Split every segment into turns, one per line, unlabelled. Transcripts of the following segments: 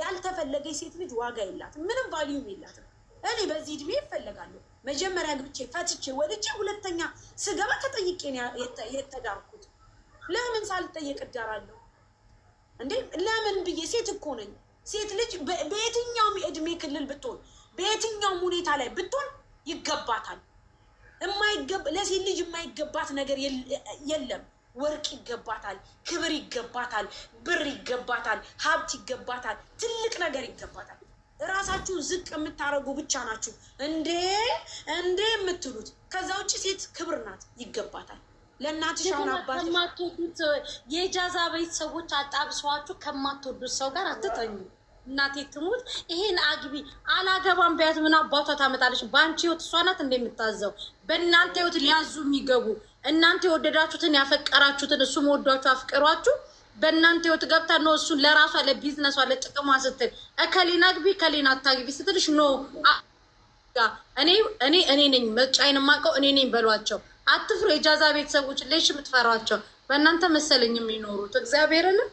ያልተፈለገ ሴት ልጅ ዋጋ የላትም፣ ምንም ቫሊዩም የላትም። እኔ በዚህ እድሜ ይፈለጋሉ። መጀመሪያ ግብቼ ፈትቼ ወልጄ ሁለተኛ ስገባ ተጠይቄ የተዳርኩት ለምን ሳልጠየቅ እዳራለሁ እንዴ? ለምን ብዬ ሴት እኮ ነኝ። ሴት ልጅ በየትኛውም የእድሜ ክልል ብትሆን በየትኛውም ሁኔታ ላይ ብትሆን ይገባታል። ለሴት ልጅ የማይገባት ነገር የለም። ወርቅ ይገባታል፣ ክብር ይገባታል፣ ብር ይገባታል፣ ሀብት ይገባታል፣ ትልቅ ነገር ይገባታል። እራሳችሁ ዝቅ የምታደርጉ ብቻ ናችሁ እንዴ እንዴ የምትሉት። ከዛ ውጭ ሴት ክብር ናት፣ ይገባታል። ለእናትሽ አሁን አባት
የጃዛ ቤት ሰዎች አጣብሰዋችሁ ከማትወዱት ሰው ጋር አትተኙ። እናቴ ትሙት ይሄን አግቢ አላገባም ቢያት ምን አባቷ ታመጣለች? በአንቺ ህይወት እሷ ናት እንደምታዘው። በእናንተ ህይወት ሊያዙ የሚገቡ እናንተ የወደዳችሁትን ያፈቀራችሁትን እሱ መወዷችሁ አፍቅሯችሁ በእናንተ ህይወት ገብታ ነው እሱን ለራሷ ለቢዝነሷ ለጥቅሟ ስትል እከሌን አግቢ እከሌን አታግቢ ስትልሽ ኖ እኔ እኔ እኔ ነኝ መጫይን የማውቀው እኔ ነኝ በሏቸው። አትፍሩ። የጃዛ ቤተሰቦች ሌሽ የምትፈሯቸው በእናንተ መሰለኝ የሚኖሩት እግዚአብሔርንም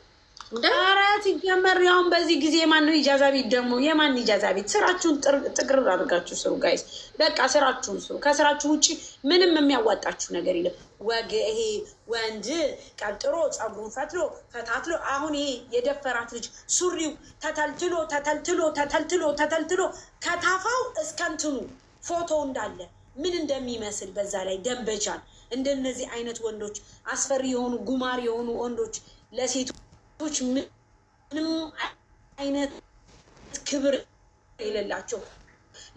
ኧረ ሲጀመር ያሁን በዚህ ጊዜ የማን ነው ኢጃዛ ቤት ደግሞ? የማን ኢጃዛ ቤት? ስራችሁን ጥቅር አድርጋችሁ ስሩ ጋይስ። በቃ ስራችሁን ስሩ። ከስራችሁ ውጭ ምንም የሚያዋጣችሁ ነገር የለም። ወግ ይሄ ወንድ ቀጥሮ ጸጉሩን ፈትሎ ፈታትሎ፣ አሁን ይሄ የደፈራት ልጅ ሱሪው ተተልትሎ ተተልትሎ ተተልትሎ ተተልትሎ ከታፋው እስከንትኑ ፎቶ እንዳለ ምን እንደሚመስል በዛ ላይ ደንበቻል። እንደነዚህ አይነት ወንዶች አስፈሪ የሆኑ ጉማር የሆኑ ወንዶች ለሴቱ ሴቶች ምንም አይነት ክብር የሌላቸው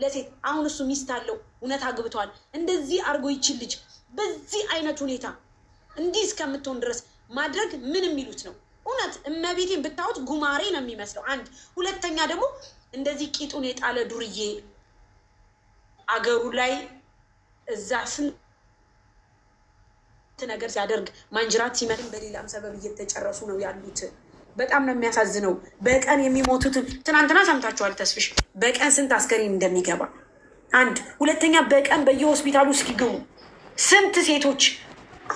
ለሴት አሁን እሱ ሚስት አለው እውነት አግብተዋል። እንደዚህ አድርጎ ይችል ልጅ በዚህ አይነት ሁኔታ እንዲህ እስከምትሆን ድረስ ማድረግ ምን የሚሉት ነው? እውነት እመቤቴን ብታዩት ጉማሬ ነው የሚመስለው። አንድ ሁለተኛ ደግሞ እንደዚህ ቂጡን የጣለ ዱርዬ አገሩ ላይ እዛ ስንት ነገር ሲያደርግ ማንጅራት ሲመድም በሌላም ሰበብ እየተጨረሱ ነው ያሉት። በጣም ነው የሚያሳዝነው። በቀን የሚሞቱትን ትናንትና ሰምታችኋል። ተስፍሽ በቀን ስንት አስከሬን እንደሚገባ አንድ ሁለተኛ፣ በቀን በየሆስፒታሉ እስኪገቡ ስንት ሴቶች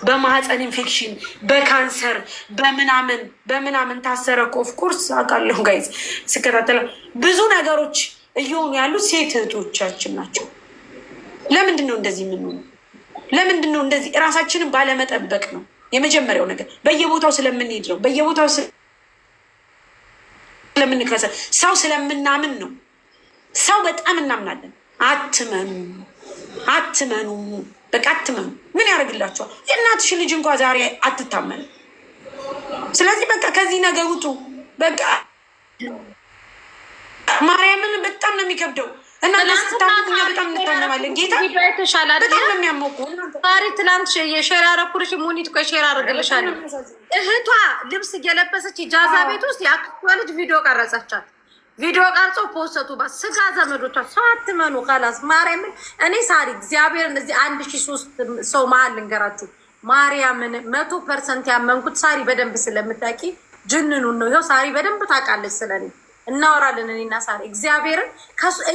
በማህፀን ኢንፌክሽን በካንሰር በምናምን በምናምን ታሰረ። ኦፍኮርስ አውቃለሁ ጋይዝ ስከታተለ ብዙ ነገሮች እየሆኑ ያሉት ሴት እህቶቻችን ናቸው። ለምንድን ነው እንደዚህ የምንሆነው? ለምንድን ነው እንደዚህ እራሳችንን ባለመጠበቅ ነው የመጀመሪያው ነገር። በየቦታው ስለምንሄድ ነው። በየቦታው ስለምንከሰ ሰው ስለምናምን ነው። ሰው በጣም እናምናለን። አትመኑ፣ አትመኑ፣ በቃ አትመኑ። ምን ያደርግላቸዋል የእናትሽ ልጅ እንኳ ዛሬ አትታመንም። ስለዚህ በቃ ከዚህ ነገር ውጡ። በቃ ማርያምን በጣም ነው የሚከብደው። እና በጣም ጌታ በጣም ነው
ሙኒት እህቷ ልብስ እየለበሰች ጃዛ ቤት ውስጥ የአክስቷ ልጅ ቪዲዮ ቀረጸቻት። ቪዲዮ ቀርጾ ፖሰቱ። ስጋ ዘመዶቿ ሰው አትመኑ። ከላስ ማርያምን እኔ ሳሪ እግዚአብሔርን እዚህ አንድ ሶስት ሰው መሀል ልንገራችሁ ማርያምን መቶ ፐርሰንት ያመንኩት ሳሪ በደንብ ስለምታውቂ ጅንኑን ነው። ይኸው ሳሪ በደንብ ታውቃለች ስለኔ እናወራለን። እኔና ሳሪ እግዚአብሔርን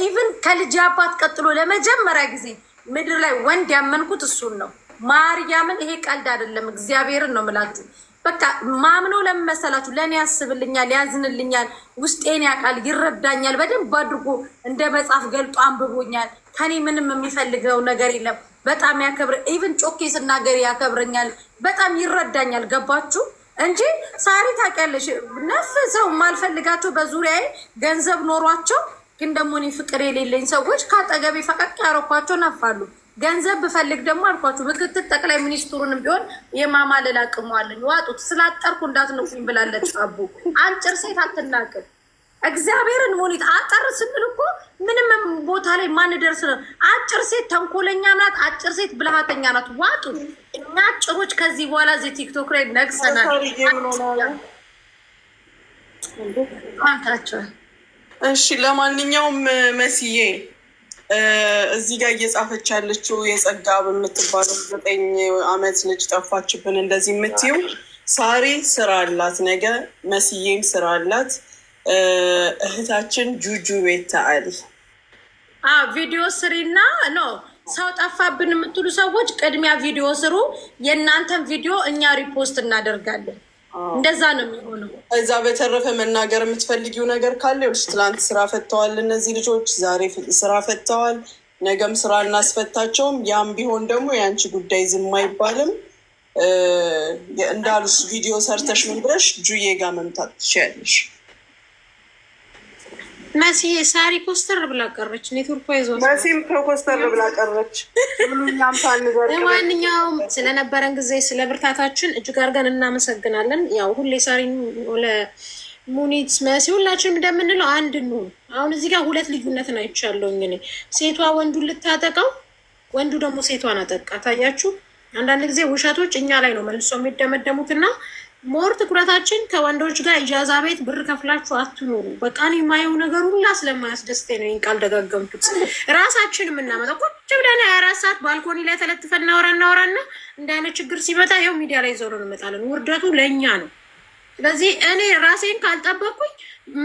ኢቭን ከልጅ አባት ቀጥሎ ለመጀመሪያ ጊዜ ምድር ላይ ወንድ ያመንኩት እሱን ነው። ማርያምን ይሄ ቀልድ አይደለም። እግዚአብሔርን ነው ምላችሁ። በቃ ማምኖ ለምን መሰላችሁ? ለእኔ ያስብልኛል፣ ያዝንልኛል፣ ውስጤን ያውቃል፣ ይረዳኛል። በደንብ አድርጎ እንደ መጽሐፍ ገልጦ አንብቦኛል። ከኔ ምንም የሚፈልገው ነገር የለም። በጣም ያከብረ ኢቭን ጮኬ ስናገር ያከብረኛል፣ በጣም ይረዳኛል። ገባችሁ? እንጂ ሳሪ ታውቂያለሽ፣ ነፍ ሰው የማልፈልጋቸው በዙሪያዬ ገንዘብ ኖሯቸው ግን ደግሞ እኔ ፍቅር የሌለኝ ሰዎች ከአጠገቤ ፈቀቅ ያረኳቸው ነፋሉ። ገንዘብ ብፈልግ ደግሞ አልኳቸው ምክትል ጠቅላይ ሚኒስትሩንም ቢሆን የማማለል አቅሟለኝ ዋጡት ስላጠርኩ እንዳትነቁኝ ብላለች። አቡ አንጭር ሴት አትናቅም። እግዚአብሔርን ሙኒት አጠር ስንል እኮ ምንም ቦታ ላይ ማንደርስ ነው። አጭር ሴት ተንኮለኛ ናት። አጭር ሴት ብልሃተኛ ናት። ዋጡ እኛ አጭሮች ከዚህ በኋላ እዚህ ቲክቶክ ላይ ነግሰናል።
እሺ፣ ለማንኛውም መስዬ እዚህ ጋር እየጻፈች ያለችው የጸጋ በምትባለው ዘጠኝ አመት ልጅ ጠፋችብን እንደዚህ የምትይው ሳሪ ስራ አላት፣ ነገ መስዬም ስራ አላት። እህታችን ጁጁ ቤት አሊ
ቪዲዮ ስሪና ኖ ሰው ጠፋብን የምትሉ ሰዎች ቅድሚያ ቪዲዮ ስሩ። የእናንተን ቪዲዮ እኛ ሪፖስት እናደርጋለን። እንደዛ ነው የሚሆነው።
እዛ በተረፈ መናገር የምትፈልጊው ነገር ካለ ይኸውልሽ፣ ትላንት ስራ ፈተዋል እነዚህ ልጆች፣ ዛሬ ስራ ፈተዋል፣ ነገም ስራ እናስፈታቸውም። ያም ቢሆን ደግሞ የአንቺ ጉዳይ ዝም አይባልም። እንዳሉስ ቪዲዮ ሰርተሽ ምን ብለሽ ጁዬ ጋር መምታት ትችያለሽ።
መሲ ሳሪ ኮስተር ብላ ቀረች። ኔትወርክ ይዞ
መሲም ኮስተር ብላ ቀረች።
ለማንኛውም ስለነበረን ጊዜ ስለ ብርታታችን እጅግ አድርገን እናመሰግናለን። ያው ሁሌ ሳሪ ሙኒት መሲ ሁላችንም እንደምንለው አንድ እንሁን። አሁን እዚህ ጋር ሁለት ልዩነትን አይቻለሁኝ እኔ ሴቷ ወንዱን ልታጠቃው፣ ወንዱ ደግሞ ሴቷን አጠቃ። ታያችሁ፣ አንዳንድ ጊዜ ውሸቶች እኛ ላይ ነው መልሶ የሚደመደሙትና እና ሞር ትኩረታችን ከወንዶች ጋር ኢጃዛ ቤት ብር ከፍላችሁ አትኖሩ። በቃ እኔ የማየው ነገር ሁላ ስለማያስደስተኝ ነው። ቃል ደጋገምኩት። ራሳችን የምናመጣው ቁጭ ብለን ሀያ አራት ሰዓት ባልኮኒ ላይ ተለጥፈን እናወራ እናወራና እንደ አይነት ችግር ሲመጣ ይኸው ሚዲያ ላይ ዞሮ እንመጣለን። ውርደቱ ለእኛ ነው። ስለዚህ እኔ ራሴን ካልጠበኩኝ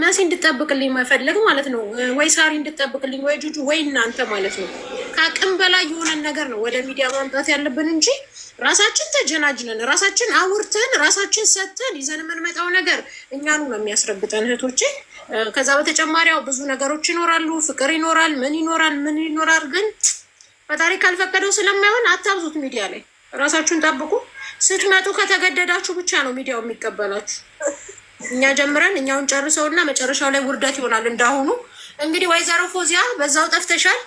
መሲ እንድጠብቅልኝ መፈለግ ማለት ነው፣ ወይ ሳሪ እንድጠብቅልኝ፣ ወይ ጁጁ፣ ወይ እናንተ ማለት ነው። ከአቅም በላይ የሆነን ነገር ነው ወደ ሚዲያ ማምጣት ያለብን እንጂ ራሳችን ተጀናጅነን ራሳችን አውርተን ራሳችን ሰጥተን ይዘን የምንመጣው ነገር እኛኑ ነው የሚያስረግጠን እህቶቼ። ከዛ በተጨማሪ ያው ብዙ ነገሮች ይኖራሉ፣ ፍቅር ይኖራል፣ ምን ይኖራል፣ ምን ይኖራል። ግን ፈጣሪ ካልፈቀደው ስለማይሆን አታብዙት ሚዲያ ላይ ራሳችሁን ጠብቁ። ስትመጡ ከተገደዳችሁ ብቻ ነው ሚዲያው የሚቀበላችሁ። እኛ ጀምረን እኛውን ጨርሰው እና መጨረሻው ላይ ውርደት ይሆናል። እንዳሁኑ እንግዲህ ወይዘሮ ፎዚያ በዛው ጠፍተሻል።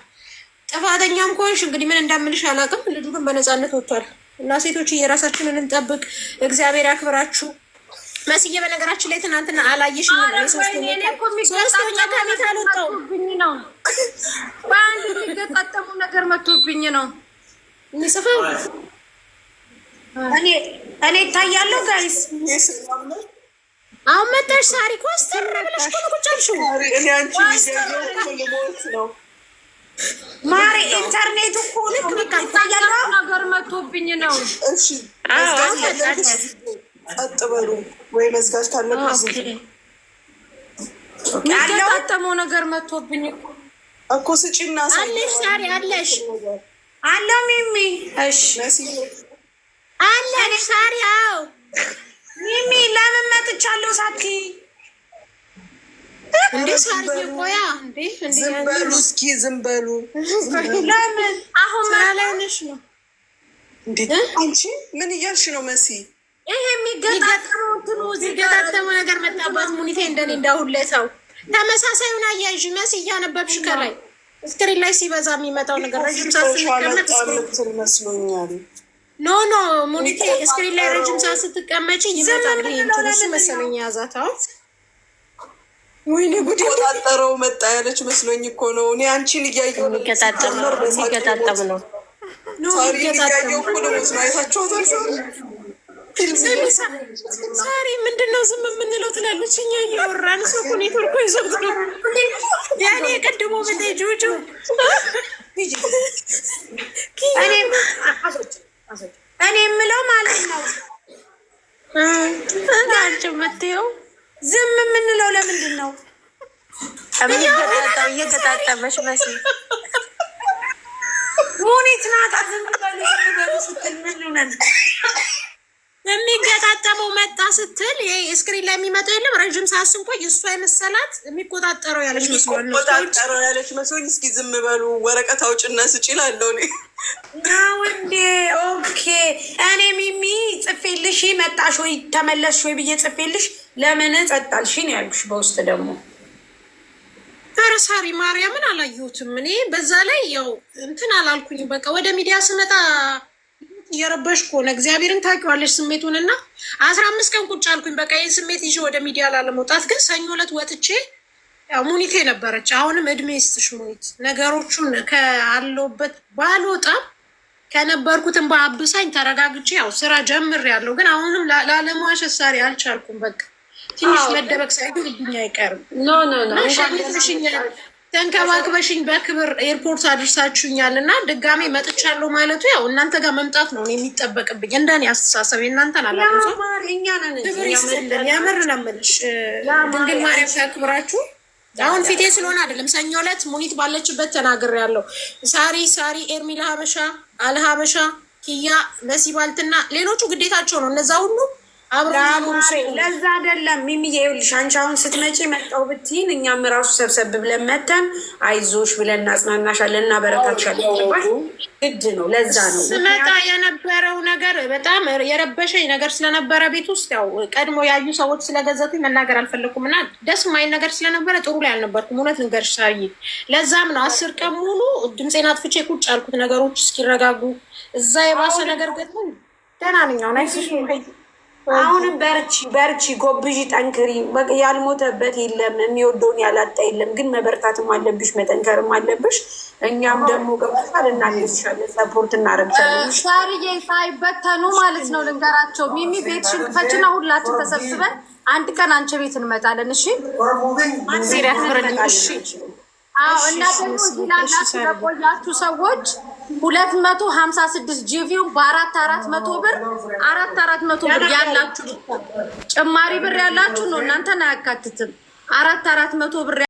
ጥፋተኛም ከሆንሽ እንግዲህ ምን እንዳምልሽ አላውቅም። ልጁ ግን በነፃነት ወጥቷል እና ሴቶች የራሳችንን እንጠብቅ። እግዚአብሔር ያክብራችሁ። መስዬ በነገራችን ላይ ትናንትና አላየሽም። ሶስተኛ ከቤት አልወጣሁም ነው በአንድ የሚገጣጠሙ ነገር መቶብኝ ነው ንጽፈው እኔ ይታያለሁ። ጋይስ አሁን መጣሽ ሳሪ ኮስተር ብለሽ
እኮ ነው
ማሪ ኢንተርኔቱ እኮ ልክ በቃ ይታያለ ነገር መቶብኝ ነው።
እሺ ቀጥ በሉ ወይ መዝጋጅ ካለብሽ
የሚገጣጠመው ነገር መቶብኝ እኮ ስጪና አለሽ። ሳሪ አለሽ አለው ሚሚ እሺ አለን ሳሪ? አዎ ሚሚ ለምን መጥቻለሁ ሳትይ እንዴ ሳሪ ቆያ
እንዴ ዝም በሉ እስኪ ዝም
ለምን አሁን ላይ ነሽ ነው
እንዴ? አንቺ ምን እያልሽ ነው መሲ?
ይሄ የሚገጣጠመው እንትኑ እዚህ ገጣጠመው ነገር መጣባት ሙኒቴ እንደኔ እንዳሁለ ሰው ተመሳሳዩን አያይዥ መሲ እያነበብሽ ከላይ ስክሪን ላይ ሲበዛ የሚመጣው ነገር ረጅም ሰዓት ስንቀመጥ
መስሎኛል።
ኖ ኖ ሙኒኬ እስክሪን ላይ ረጅም ሰዓት ስትቀመጪ ይመጣል። ይሄን እሱ መሰለኝ የያዛት
ወይኔ ጉዴ ተጣጠረው መጣ ያለች መስሎኝ እኮ ነው። እኔ አንቺን እያየሁ
ነው የሚቀጣጠም ነው እያየሁ
እኮ ነው አይታችኋት
ዛሬ ምንድን ነው ዝም የምንለው? ትላለች እኛ እያወራን ሰው ኔትወርኩ ይዞት ነው። ያኔ የቀድሞ በላይ ጆጆ እኔ የምለው ማለት ነው እንዳንቺ የምትይው ዝም የምንለው ለምንድን ነው? እየገጣጠው መሲ ሙኒት ናት ዝም በሉ ስትል ምን የሚገጣጠመው መጣ ስትል ይሄ ስክሪን ላይ የሚመጣው የለም። ረዥም ሰዓት ስንቆይ እሱ አይመሰላት የሚቆጣጠረው ያለች መስሎኝ
ያለች መስሎኝ። እስኪ ዝም በሉ ወረቀት አውጭና ስጭ አለው እኔ
እንዴ ኦኬ። እኔ ሚሚ ጽፌልሽ መጣሽ ወይ ተመለስሽ ወይ ብዬ ጽፌልሽ ለምን ጸጣልሽን ያሉሽ በውስጥ ደግሞ ፈረሳሪ ማርያምን አላየሁትም እኔ። በዛ ላይ ያው እንትን አላልኩኝ። በቃ ወደ ሚዲያ ስመጣ የረበሽ ከሆነ እግዚአብሔርን ታውቂዋለሽ ስሜቱን እና አስራ አምስት ቀን ቁጭ አልኩኝ። በቃ ይህን ስሜት ይዤ ወደ ሚዲያ ላለመውጣት ግን ሰኞ ዕለት ወጥቼ ሙኒቴ ነበረች። አሁንም እድሜ ይስጥሽ ሙኒት፣ ነገሮቹን ከአለሁበት ባልወጣም ከነበርኩትን በአብሳኝ ተረጋግቼ ያው ስራ ጀምር ያለው ግን አሁንም ላለመዋሸት ዛሬ አልቻልኩም። በቃ ትንሽ መደበቅ ሳይሆን ብኛ አይቀርም። ተንከባክበሽኝ በክብር ኤርፖርት አድርሳችሁኛል እና ድጋሜ መጥቻለሁ ማለቱ ያው እናንተ ጋር መምጣት ነው የሚጠበቅብኝ። እንደኔ አስተሳሰብ እናንተን አላክብር ይስጥልን። የምር ነው የምልሽ ድንግል ማርያም ሲያክብራችሁ አሁን ፊቴ ስለሆነ አይደለም። ሰኞ ዕለት ሙኒት ባለችበት ያለው ሳሪ ሳሪ፣ ኤርሚ ለሀበሻ አልሀበሻ፣ ኪያ፣ መሲባልትና ሌሎቹ ግዴታቸው ነው እነዛ ሁሉ ለዛ አይደለም ሚሚዬ፣ ይኸውልሽ አንቺ አሁን ስትመጪ መጣሁ ብትይን እኛም ራሱ ሰብሰብ ብለን መተን አይዞሽ ብለን እናጽናናሻለን፣ እናበረታቻለን። ግድ ነው። ለዛ ነው ስመጣ የነበረው ነገር በጣም የረበሸኝ ነገር ስለነበረ ቤት ውስጥ ያው ቀድሞ ያዩ ሰዎች ስለገዘቱኝ መናገር አልፈለኩም እና ደስ ማይል ነገር ስለነበረ ጥሩ ላይ አልነበርኩም። እውነት ነገር ሻይ ለዛም ነው አስር ቀን ሙሉ ድምፄን አጥፍቼ ቁጭ ያልኩት ነገሮች እስኪረጋጉ። እዛ የባሰ ነገር ገጥሞኝ ደህና ነኝ አሁን። አይዞሽ አሁንም በርቺ በርቺ፣ ጎብዥ፣ ጠንክሪ። ያልሞተበት የለም፣ የሚወደውን ያላጣ የለም። ግን መበርታትም አለብሽ መጠንከርም አለብሽ። እኛም ደግሞ ገብተሻል፣ እናገዝሻለን፣ ሰፖርት እናረግሻለን። ሻርዬ ሳይበተኑ ማለት ነው። ልንገራቸው ሚሚ ቤትሽን ክፈችና ሁላችን ተሰብስበን አንድ ቀን አንቺ ቤት እንመጣለን። እሺ እና ደግሞ ላላችሁ ለቆያችሁ ሰዎች ሁለት መቶ ሀምሳ ስድስት ጂቪው በአራት አራት መቶ ብር አራት አራት መቶ ብር ያላችሁ ጭማሪ ብር ያላችሁ ነው። እናንተን አያካትትም። አራት አራት መቶ ብር